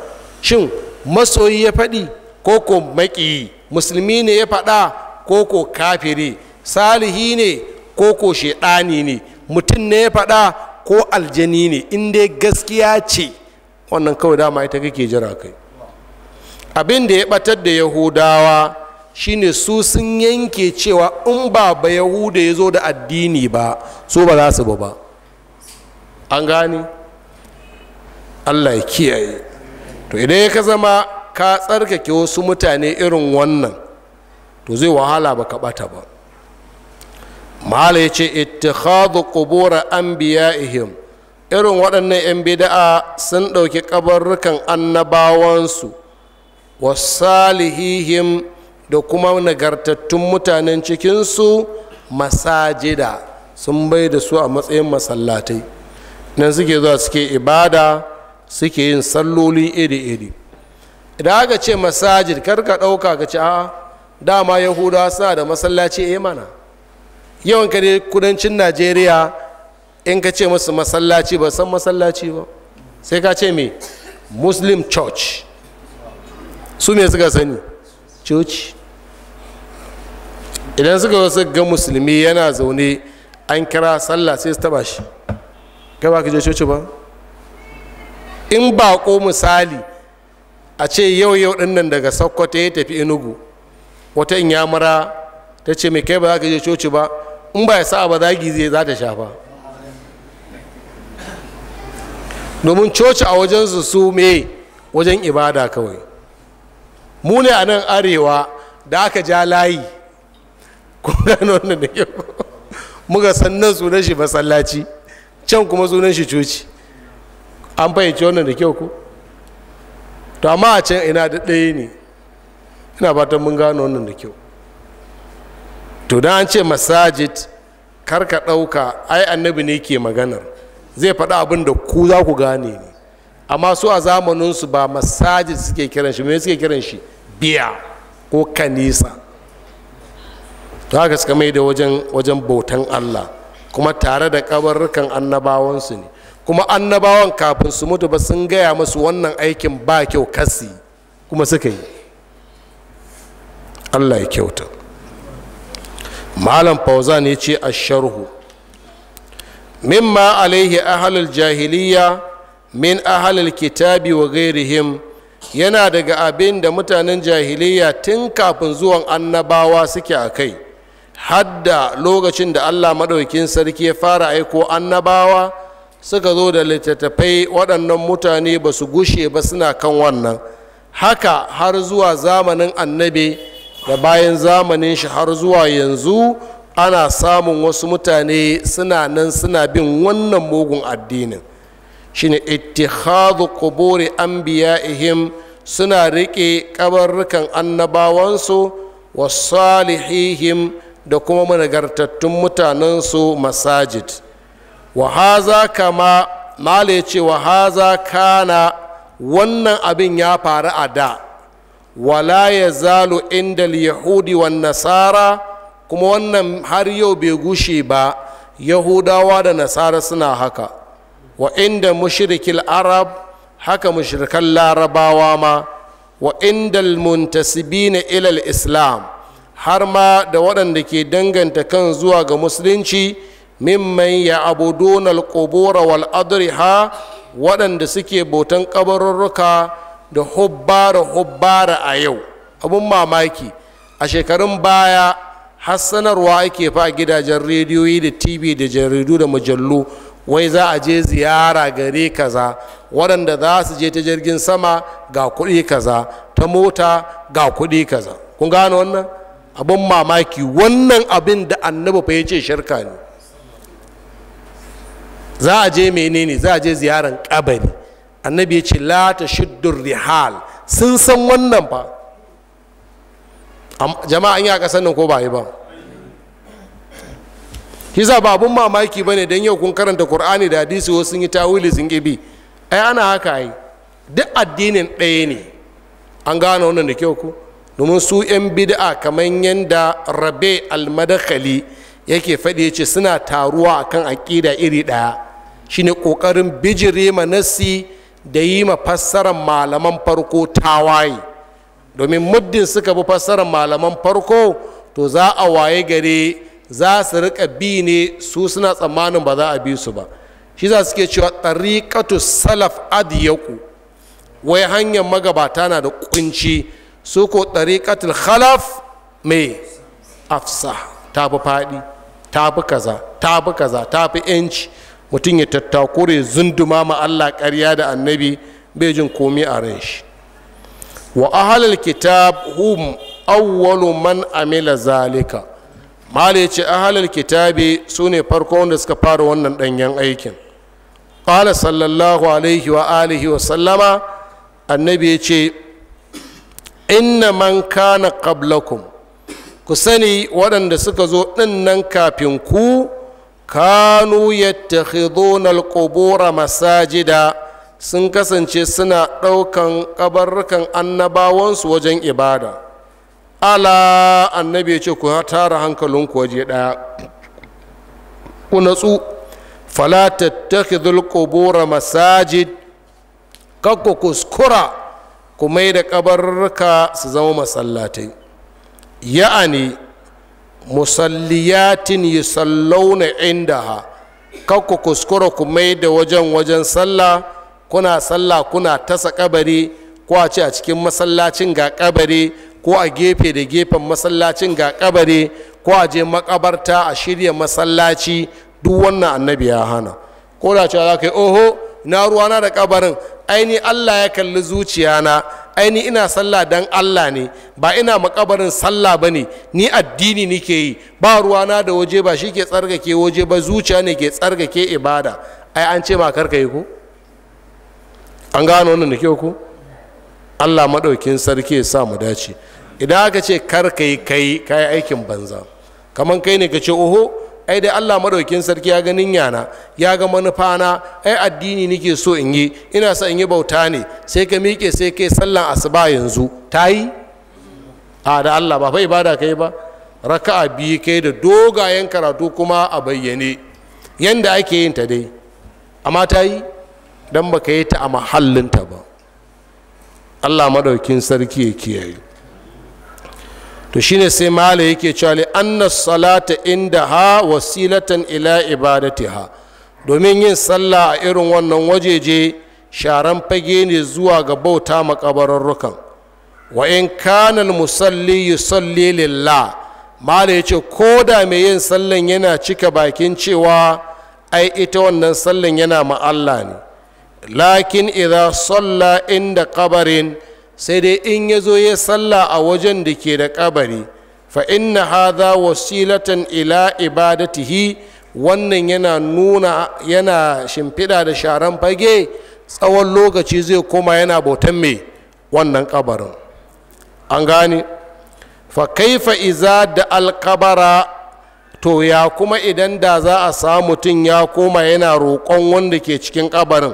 shin masoyi ya faɗi ko ko maki musulmi ne ya faɗa ko ko kafiri salihi ne koko ko shaidani ne mutum ne ya faɗa ko aljani ne inda gaskiya ce wannan kawai dama ita kake jira kai abin da ya batar da yahudawa shine su sun yanke cewa in ba ba yahuda ya zo da addini ba su ba za su ba ba an gani allah ya kiyaye to idan ya ka zama ka tsarkake wasu mutane irin wannan to zai wahala ba ka bata ba mahala ya ce an biya anbiya'ihim irin waɗannan 'yan bida'a sun ɗauki kabarrukan annabawansu wasalihihim da kuma nagartattun mutanen cikinsu masajida sun bai da su a matsayin masallatai nan suke zuwa suke ibada suke yin salloli iri-iri da aka ce masajid kar ka ɗauka ka ce a dama yahudawa suna da masallaci eh mana yawan ka kudancin najeriya in ka ce musu masallaci ba san masallaci ba sai ka ce me muslim church su me suka sani coci idan suka wasu ga musulmi yana zaune an kira sallah sai su taba shi kai ba ka je coci ba in ko misali a ce yau yau din nan daga sokoto ya tafi inugu wata in yamura ta ce mai kai ba za ka je coci ba in ba ya sa ba za zai za ta shafa domin coci a wajensu su me wajen ibada kawai mu ne a nan arewa da aka ja layi gano da kyau muka sannan sunan shi masallaci can kuma sunan shi coci an fahimci wannan da kyau ko to amma a can ina da ɗaya ne ina fatan mun gano wannan da kyau to da an ce masajid kar ka ɗauka ai annabi ne ke maganar zai faɗi abin da ku za ku gane ne amma su a zamaninsu ba masajid suke kiran shi mai suke kiran shi biya ko kanisa to haka suka mai da wajen bautan allah kuma tare da kabarrukan annabawansu ne kuma annabawan kafin su mutu ba sun gaya musu wannan aikin ba kyau kasi kuma suka yi allah ya kyauta malam fauzan ya ce a sharhu mimma alaihi ahalul jahiliya min ahalul kitabi wa gairihim yana daga abin da mutanen jahiliya tun kafin zuwan annabawa suke a kai hadda lokacin da allah maɗaukin sarki ya fara aiko annabawa suka zo da littattafai waɗannan mutane ba su gushe ba suna kan wannan haka har zuwa zamanin annabi da bayan zamanin shi har zuwa yanzu ana samun wasu mutane suna nan suna bin wannan mugun addinin shine ittihadu quburi anbiya'ihim suna riƙe kabarrukan annabawansu wa salihihim da kuma managartattun mutanensu masajid wa haza kama ya ce wa kana wannan abin ya faru a da wala ya zalo inda yahudi wa nasara kuma wannan har yau bai gushe ba yahudawa da nasara suna haka wa inda mushrikil arab haka mushrikan larabawa ma wa inda muntasibina ilal islam har ma da waɗanda ke danganta kan zuwa ga musulunci mimman ya abuduna alqubura wal adriha waɗanda suke botan ƙabarurruka da hubbara hubbara a yau abun mamaki a shekarun baya hassanarwa ake fa gidajen rediyoyi da tv da jaridu da mujallu wai za a je ziyara gare kaza waɗanda za su je ta jirgin sama ga kuɗi kaza ta mota ga kuɗi kaza kun gano wannan abin mamaki wannan abin da annabi fa ya ce shirka ne za a je menene za a je ziyaran kabari annabi ya ce la ta shuddur rihal sun san wannan fa jama'a ya yi a nan ko ba yi ba hiza ba abun mamaki ba ne don yau kun karanta Kur'ani da hadisi wasu sun yi tawili sun gibi ai ana haka yi duk addinin ɗaya ne an gano wannan da kyau ku domin su 'yan bid'a kamar yadda rabe almadakali yake faɗi ya ce suna taruwa akan aƙida iri ɗaya shine kokarin bijire ma nasi da yi ma fassarar malaman farko tawaye domin muddin suka bi fassarar malaman farko to za a waye gare za su rika bi ne su suna tsammanin ba za a bi su ba shi za suke cewa tariqatu salaf adiyaku wai hanyar magabata na da kunci su ko tariqatul khalaf mai afsa tafi faɗi tafi kaza tafi kaza tafi yanci mutum ya tattakure zunduma ma allah ƙarya da annabi bai jin komi a ran shi wa ahalal kitab hum awwalu man amila zalika mala ya ce kitabi su ne farko wanda suka fara wannan ɗanyen aikin ƙala sallallahu alaihi wa alihi wa sallama annabi ya ce inna man kana qablakum ku sani waɗanda suka zo ɗin nan kafin ku kanu yattakhidhuna alqubura masajida sun kasance suna ɗaukan ƙabarrukan annabawansu wajen ibada ala annabi ya ce ku tara hankalinku waje ɗaya ku natsu fala tattakhidhul qubura masajid kakku kuskura ku mai da ƙabarruka su zama masallatai ya'ani musalliyatin yusallauna indaha kan ku kuskura ku mai da wajen wajen sallah kuna sallah kuna tasa kabari ko a ce a cikin masallacin ga kabari ko a gefe da gefen masallacin ga kabari ko a je makabarta a shirya masallaci duk wannan annabi ya hana ko da cewa za ka yi oho na ruwana da kabarin aini allah ya kalli zuciya na aini ina sallah dan allah ne ba ina makabarin sallah ba ne ni addini nike yi ba na da waje ba shi ke tsarkake waje ba zuciya ne ke tsarkake ibada ai an ce ma karka yi ku an gano wannan da ke ku allah maɗaukin sarki ya sa mu dace idan aka ce karka yi kai kayi aikin banza kamar kai ne ka ce oho ai dai Allah maɗaukin sarki ya ganin ninyana ya ga manufana ai addini nake so in yi ina sa in yi bauta ne sai ka miƙe sai kai sallan asuba yanzu ta yi a da Allah ba fa ibada kai ba raka'a biyu kai da dogayen karatu kuma a bayyane yanda ake yin ta dai amma ta yi don baka yi ta a mahallinta ba Allah maɗaukin sarki ya kiyaye to shine sai mala yake cewa li anna salata inda ha wasilatan ila ibadatiha domin yin sallah a irin wannan wajeje sharan fage ne zuwa ga bauta makabararrukan wa in kana musalli yusalli lillah mala yace ko da mai yin sallan yana cika bakin cewa ai ita wannan sallan yana ma Allah ne lakin idza salla inda qabarin sai dai in ya zo ya sallah a wajen da ke da kabari fa inna hadha wasilatan ila ibadatihi wannan yana nuna yana shimfiɗa da sharan fage tsawon lokaci zai koma yana bautan mai wannan kabarin an gane fa kaifa iza da alkabara to ya kuma idan da za a samu mutum ya koma yana roƙon wanda ke cikin kabarin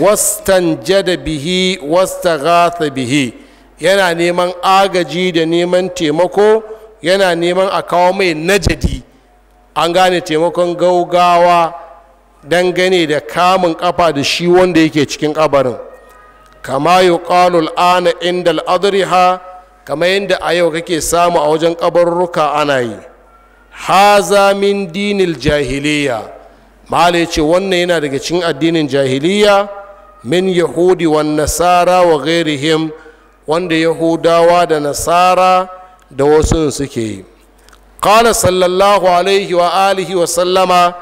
wastanjada bihi wastaghatha bihi yana neman agaji da neman taimako yana neman a kawo mai najadi an gane taimakon gaugawa dangane da kamun kafa da shi wanda yake cikin kabarin kama yuqalu ana inda al kama yadda a yau kake samu a wajen kabarruka ana yi haza min dinil jahiliya ya ce wannan yana daga cikin addinin jahiliya min yahudi wan nasara wa ghairihim wanda yahudawa da nasara da wasu suke yi qala sallallahu alaihi wa alihi wa sallama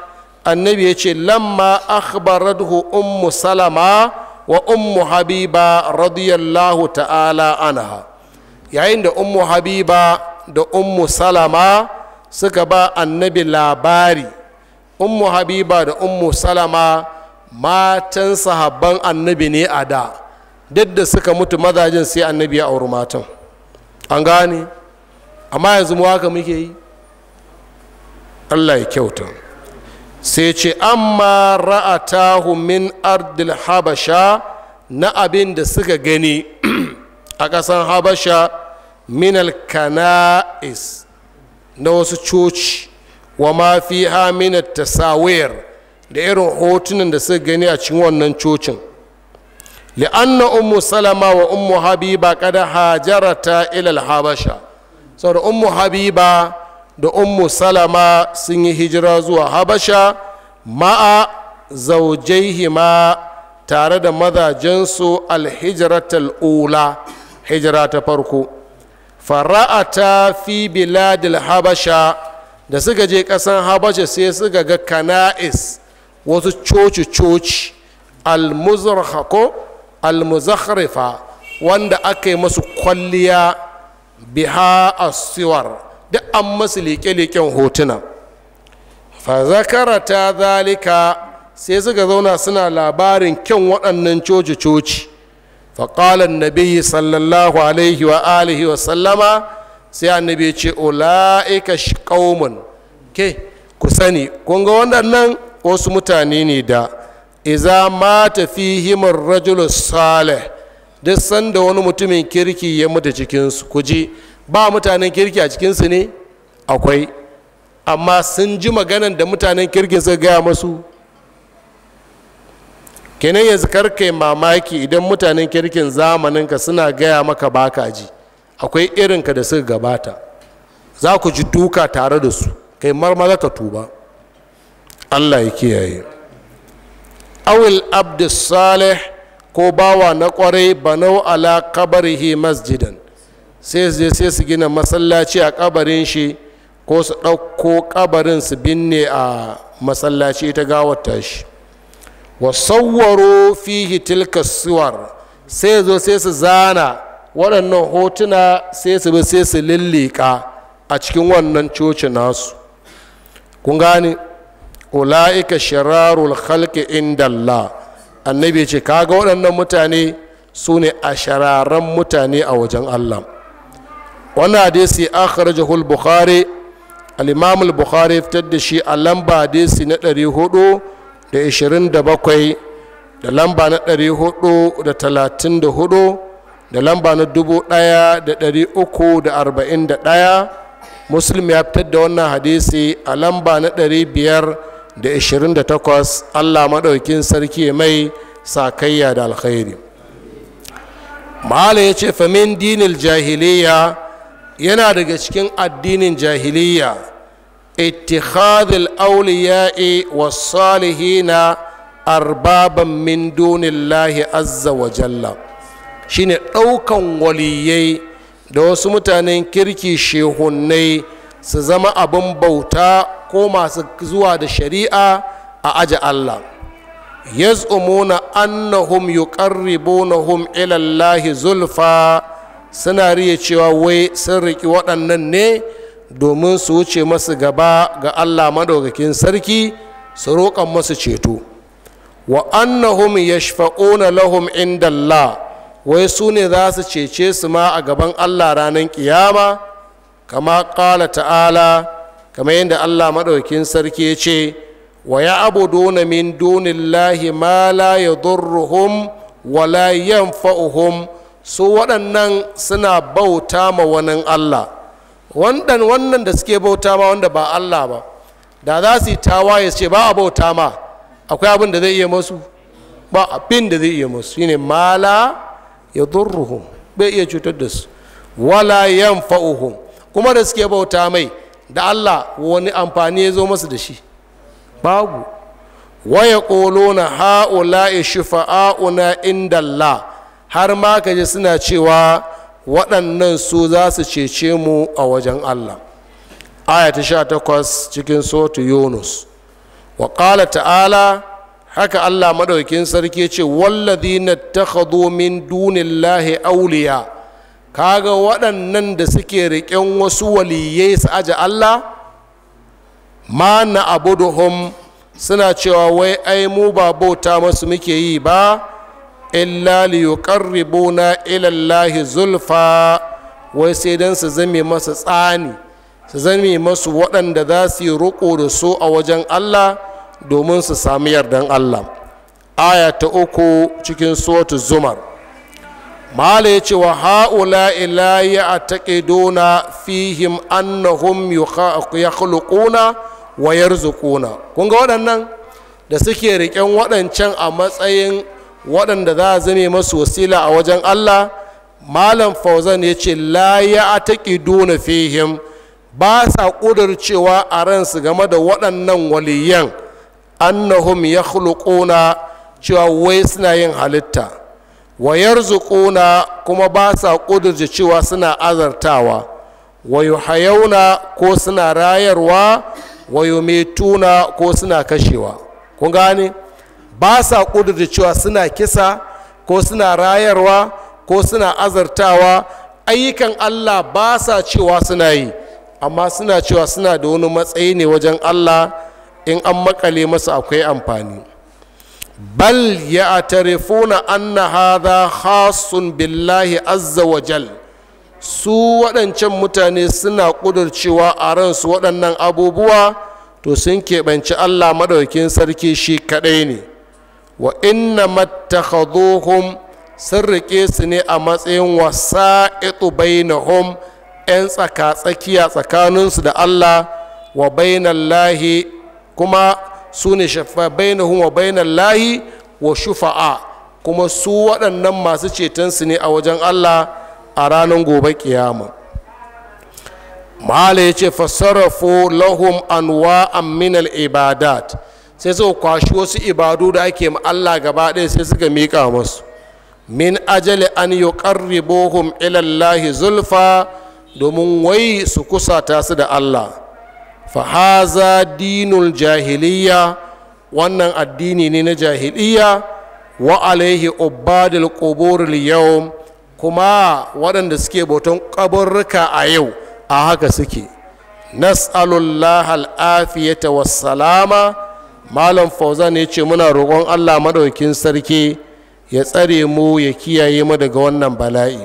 annabi ya ce lamma akhbarathu ummu salama wa ummu habiba radiyallahu ta'ala anha yayin da ummu habiba da ummu salama suka ba annabi labari ummu habiba da ummu salama matan sahabban annabi ne a da duk da suka mutu mazajin sai annabi ya auri matan an gane amma yanzu mu haka muke yi allah ya kyauta sai ce amma ra'atahu min ardil habasha na abin da suka gani a ƙasan habasha min alkana'is na wasu coci wa mafi fi min tasawir da irin hotunan da suka gani a cikin wannan cocin li'anna ummu salama wa ummu habiba kada hajarata ilal habasha saboda ummu habiba da ummu salama sun yi hijira zuwa habasha ma'a zaujaihima tare da mazajensu alhijrata ula hijira ta farko fara'ata fi biladil habasha da suka je kasan habasha sai suka ga kana'is wasu coci-coci almuzarhako almuzakharifa wanda aka yi masu kwalliya biha asiwar duk an masu leƙe-leƙen hotuna fa ta zalika sai suka zauna suna labarin kyan waɗannan coci-coci faƙalar nabi sallallahu alaihi wa alihi wa sallama sai annabi ce ula'ika shi ke ku sani kun ga waɗannan wasu mutane ne da iza mata himar rajulu salih duk sanda wani mutumin kirki ya mutu cikinsu ku ji ba mutanen kirki a cikinsu ne akwai amma sun ji maganan da mutanen kirki suka gaya masu kenan yanzu karkai mamaki idan mutanen kirkin zamaninka suna gaya maka baka ji akwai irinka da suka gabata za ku ji duka tare da su kai marmara ka tuba allah ya kiyaye awil abdus salih ko bawa na kwarai banau ala kabarihi masjidan sai su sai su gina masallaci a kabarin shi ko su ɗauko kabarin su binne a masallaci ta gawata shi wa sauwaro fihi tilka suwar sai zo sai su zana waɗannan hotuna sai su bi sai su lillika a cikin wannan coci nasu kun gane ula'ika shirarul khalqi inda Allah annabi ce kaga waɗannan mutane su ne a mutane a wajen Allah wannan hadisi akhrajahu al-bukhari al-imam al-bukhari fitar da shi a lamba hadisi na 427 da lamba na 434 da lamba na 1341 muslim ya fitar da wannan hadisi a lamba na 500 da 28 allah maɗaukin sarki mai sakayya da alkhairi ma'ala ya ce famin dinil jahiliya yana daga cikin addinin jahiliya ittikhadil auliya'i Salihina arbaban min dunillahi azza wa jalla shine ɗaukan waliyai da wasu mutanen kirki shehunnai su zama abin bauta ko masu zuwa da shari'a a aji Allah yaz'umuna annahum yuqarribunahum ila Allah zulfa suna riya cewa wai sun riki waɗannan ne domin su wuce masu gaba ga Allah madaukakin sarki su roƙan masu ceto wa annahum yashfa'una lahum inda Allah wai su ne za su cece su ma a gaban Allah ranar kiyama kama ƙala ta'ala kama yadda allah maɗaukin sarki ya ce wa ya abuduna min dunillahi ma la yadurruhum wa la yanfa'uhum su waɗannan suna bauta ma wani allah wannan wannan da suke bauta ma wanda ba allah ba da za su yi tawaye ce ba a bauta ma akwai abin da zai iya masu ba abin da zai iya masu shine mala ya durruhum bai iya cutar da su wala yanfa'uhum kuma da suke bauta mai da allah wani amfani ya zo masu da shi babu waya ƙolo na ha'ula'i shifa'a'una inda allah har ma ka ji suna cewa waɗannan su za su cece mu a wajen allah aya ta sha takwas cikin sotu yunus wa ƙala ta'ala haka allah maɗaukin sarki ce wallazi na min dunillahi auliya kaga waɗannan da suke riƙen wasu waliyai su aji Allah ma na abuduhum suna cewa wai ai mu ba bauta masu muke yi ba illa li yuqarribuna ila Allah zulfa wai sai dan su zame masa tsani su zame masu waɗanda za su yi roƙo da su a wajen Allah domin su sami yardan Allah aya ta uku cikin suratul zumar malam ya ce wa ha'ula ila ya taƙiduna fihim annahum ya kuna wa kun ga waɗannan da suke riƙen waɗancan a matsayin waɗanda za a zame masu wasila a wajen allah malam fauzan ya ce la ya fihim ba sa cewa a ransu game da waɗannan waliyan annahum ya cewa wai suna yin halitta wa yarzuquna kuma ba sa ƙudurje cewa suna azartawa wa yuhayauna ko suna rayarwa wa yumituna ko suna kashewa ku gane ba sa ƙudurje cewa suna kisa ko suna rayarwa ko suna azartawa ayyukan allah ba sa cewa suna yi amma suna cewa suna da wani matsayi ne wajen allah in an makale masa akwai amfani bal يعترفون أن هذا خاص billahi عز وجل su waɗancan mutane suna ƙudurcewa a ransu waɗannan abubuwa to sun keɓanci allah maɗaukin sarki shi kaɗai ne wa inna mattakhaduhum sun riƙe su ne a matsayin wasa'itu bainahum 'yan tsaka-tsakiya tsakaninsu da allah wa bainallahi kuma su ne shafa bainahum wa bainan lahi wa shufa'a kuma su waɗannan masu cetonsu ne a wajen allah a ranar gobe kiyama mahala ya ce fassarafo lahum wa aminal ibadat sai suka kwashi wasu ibadu da ake ma allah gaba ɗaya sai suka miƙa masu min ajali an ƙarri bohun ilallahi zulfa domin wai su kusa su da allah fahaza dinul jahiliya wannan addini ne na jahiliya wa alaihi ubadil quburil yau. kuma waɗanda suke bautan ƙaburruka a yau a haka suke nas'alullah al'afiyata wassalama malam fauzan ya ce muna roƙon allah maɗaukin sarki ya tsare mu ya kiyaye mu daga wannan bala'i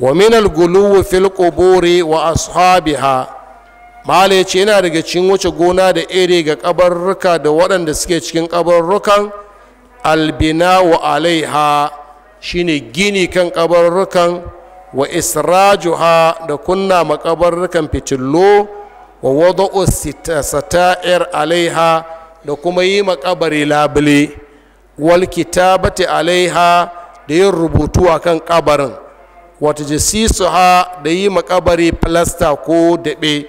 wa min al-guluwi fil quburi wa ashabiha mahala ya ce yana daga cikin wace gona da iri ga kabarruka da waɗanda suke cikin kabarrukan albina wa alaiha shine gini kan kabarrukan wa da kunna makabarrukan fitillo wa wada'u sata'ir alaiha da kuma yi makabari labule wal kitabati alaiha da yin rubutu a kan kabarin wata ha da yi makabari plasta ko daɓe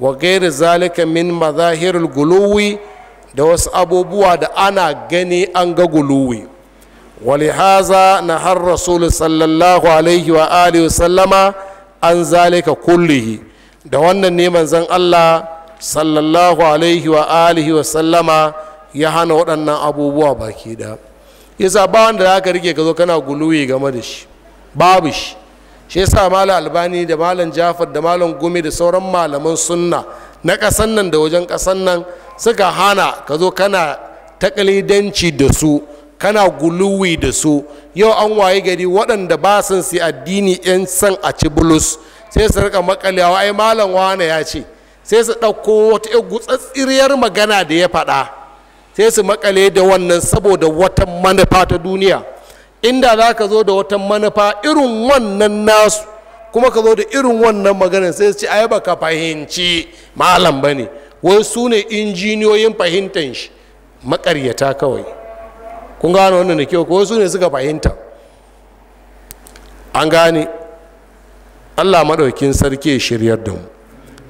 wa gairi zalika min mazahirul guluwi da wasu abubuwa da ana gani an ga guluwi walihaza na har rasulu sallallahu alaihi wa alihi sallama an zalika kullihi da wannan ne manzon allah sallallahu alaihi wa alihi wa sallama ya hana waɗannan abubuwa baki da yasa ba wanda za ka rike ka zo kana guluwi game da shi babu shi shi yasa malam albani da malam jafar da malam gumi da sauran malaman sunna na kasan nan da wajen kasan nan suka hana ka zo kana takalidanci da su kana guluwi da su yau an waye gari waɗanda ba sun si addini yan san a ci bulus sai su rika makalewa ai malam wane ya ce sai su ɗauko wata gutsatsiriyar magana da ya faɗa sai su makale da wannan saboda wata manufa ta duniya inda za ka zo da wata manufa irin wannan nasu kuma ka zo da irin wannan magana sai ce ai ba ka fahimci malam ba ne wai su ne injiniyoyin fahimtar shi makaryata kawai kun gane wannan da kyau Wai su ne suka fahimta an gane allah maɗaukin sarki shiryar da mu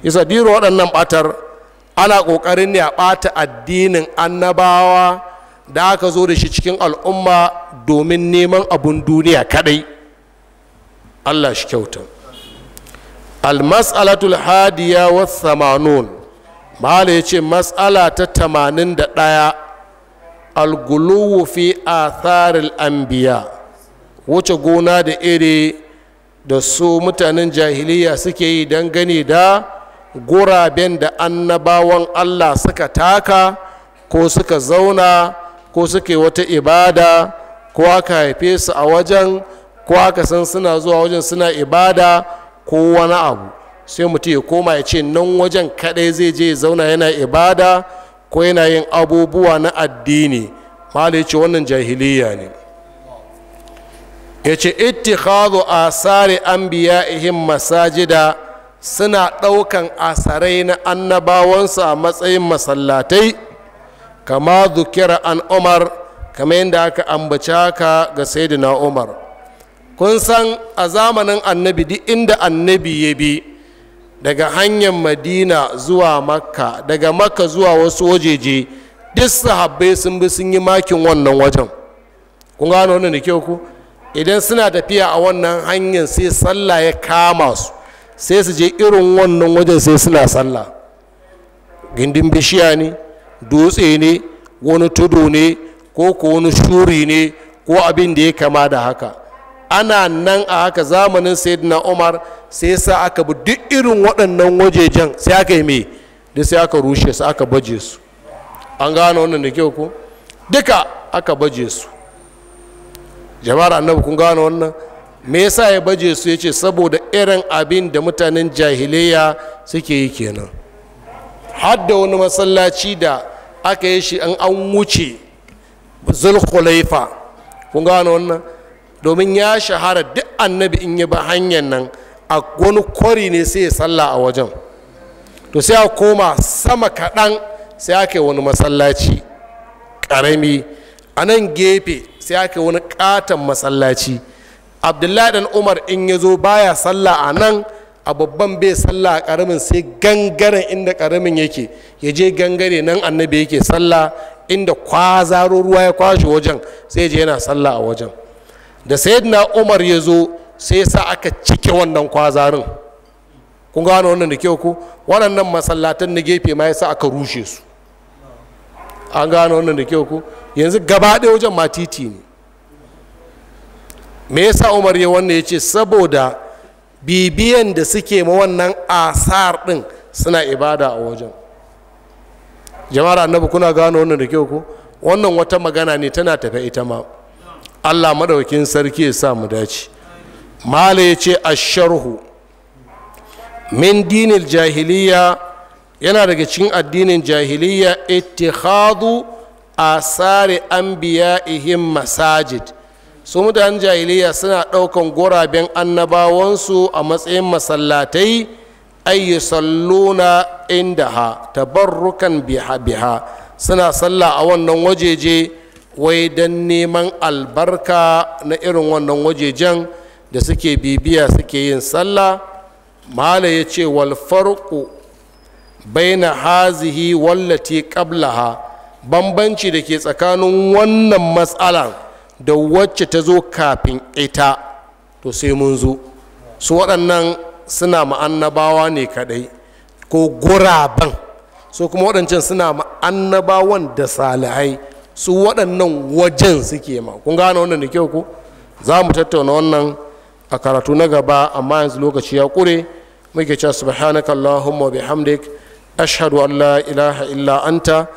isa diro waɗannan ɓatar ana ƙoƙarin ne a ɓata addinin annabawa da aka zo da shi cikin al'umma domin neman abun duniya kadai allah shi kyauta almas'alatul hadiya wa samanun mahala ya ce matsala ta tamanin da ɗaya alguluwu fi atharil anbiya wuce gona da iri da su mutanen jahiliya suke yi don gani da guraben da annabawan allah suka taka ko suka zauna ko suke wata ibada ko aka haife su a wajen ko aka san suna zuwa wajen suna ibada ko wani abu sai mutum ya koma ya ce nan wajen kadai zai je ya zauna yana ibada ko yana yin abubuwa na addini mahala ya ce wannan jahiliya ne ya ce an biya ihin masajida suna ɗaukan asarai na annabawansu a matsayin masallatai kama zukira an umar kama yadda aka ambaci haka ga saidina umar kun san a zamanin annabi duk inda annabi ya bi daga hanyar madina zuwa makka daga makka zuwa wasu wajeje duk sahabbai sun bi sun yi makin wannan wajen kun gano wannan da kyau ku idan suna tafiya a wannan hanyar sai sallah ya kama su sai su je irin wannan wajen sai suna sallah gindin bishiya ne dutse ne wani tudu ne ko ko wani shuri ne ko abin da ya kama da haka ana nan a haka zamanin sayyidina umar sai sa aka bi duk irin waɗannan wajejen sai aka yi mai da sai aka rushe su aka baje su an gano wannan da kyau ko duka aka baje su jama'ar annabi kun gano wannan me yasa ya baje su ya ce saboda irin abin da mutanen jahiliya suke yi kenan har da wani masallaci da aka yi shi an an wuce zulkulaifa kun gano wannan domin ya shahara duk annabi in yi ba hanyar nan a wani kwari ne sai ya sallah a wajen to sai a koma sama kaɗan sai aka yi wani masallaci ƙarami a nan gefe sai aka yi wani ƙaton masallaci abdullahi dan umar in ya zo baya sallah a nan a babban bai sallah a ƙaramin sai gangaren inda ƙaramin yake ya je gangare nan annabi yake sallah inda kwazaro ruwa ya kwashe wajen sai je yana sallah a wajen da sayyidina umar ya zo sai sa aka cike wannan kwazarin kun gano wannan da kyau ku waɗannan masallatan na gefe ma ya sa aka rushe su an gano wannan da kyau ku yanzu gaba ɗaya wajen ma titi ne me yasa umar ya wannan ya ce saboda bibiyan da suke ma wannan asar ɗin suna ibada a wajen jama'ar annabi kuna gano wannan da kyau ko wannan wata magana ne tana tafe ita ma allah maɗaukin sarki ya sa mu dace mala ya ce asharhu min dinil jahiliya yana daga cikin addinin jahiliya ittikhadu asari anbiya'ihim masajid masajid su mutanen jahiliya suna ɗaukan guraben annabawansu a matsayin masallatai ayyu salluna inda ha tabarrukan biha biha suna sallah a wannan wajeje wai don neman albarka na irin wannan wajejen da suke bibiya suke yin sallah mahala ya ce walfarku na hazihi wallati ƙablaha, bambanci da ke tsakanin wannan matsalan da wacce ta zo kafin ita to sai mun zo su waɗannan suna ma'annabawa ne kaɗai ko guraben su kuma waɗancan suna ma'annabawan da salihai su waɗannan wajen suke ma kun gane wannan da kyau ku za mu tattauna wannan a karatu na gaba amma yanzu lokaci ya ƙure muke cewa subhanakallahumma wa bihamdik ashhadu an la ilaha illa anta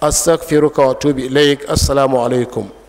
astaghfiruka wa atubu ilaik assalamu alaikum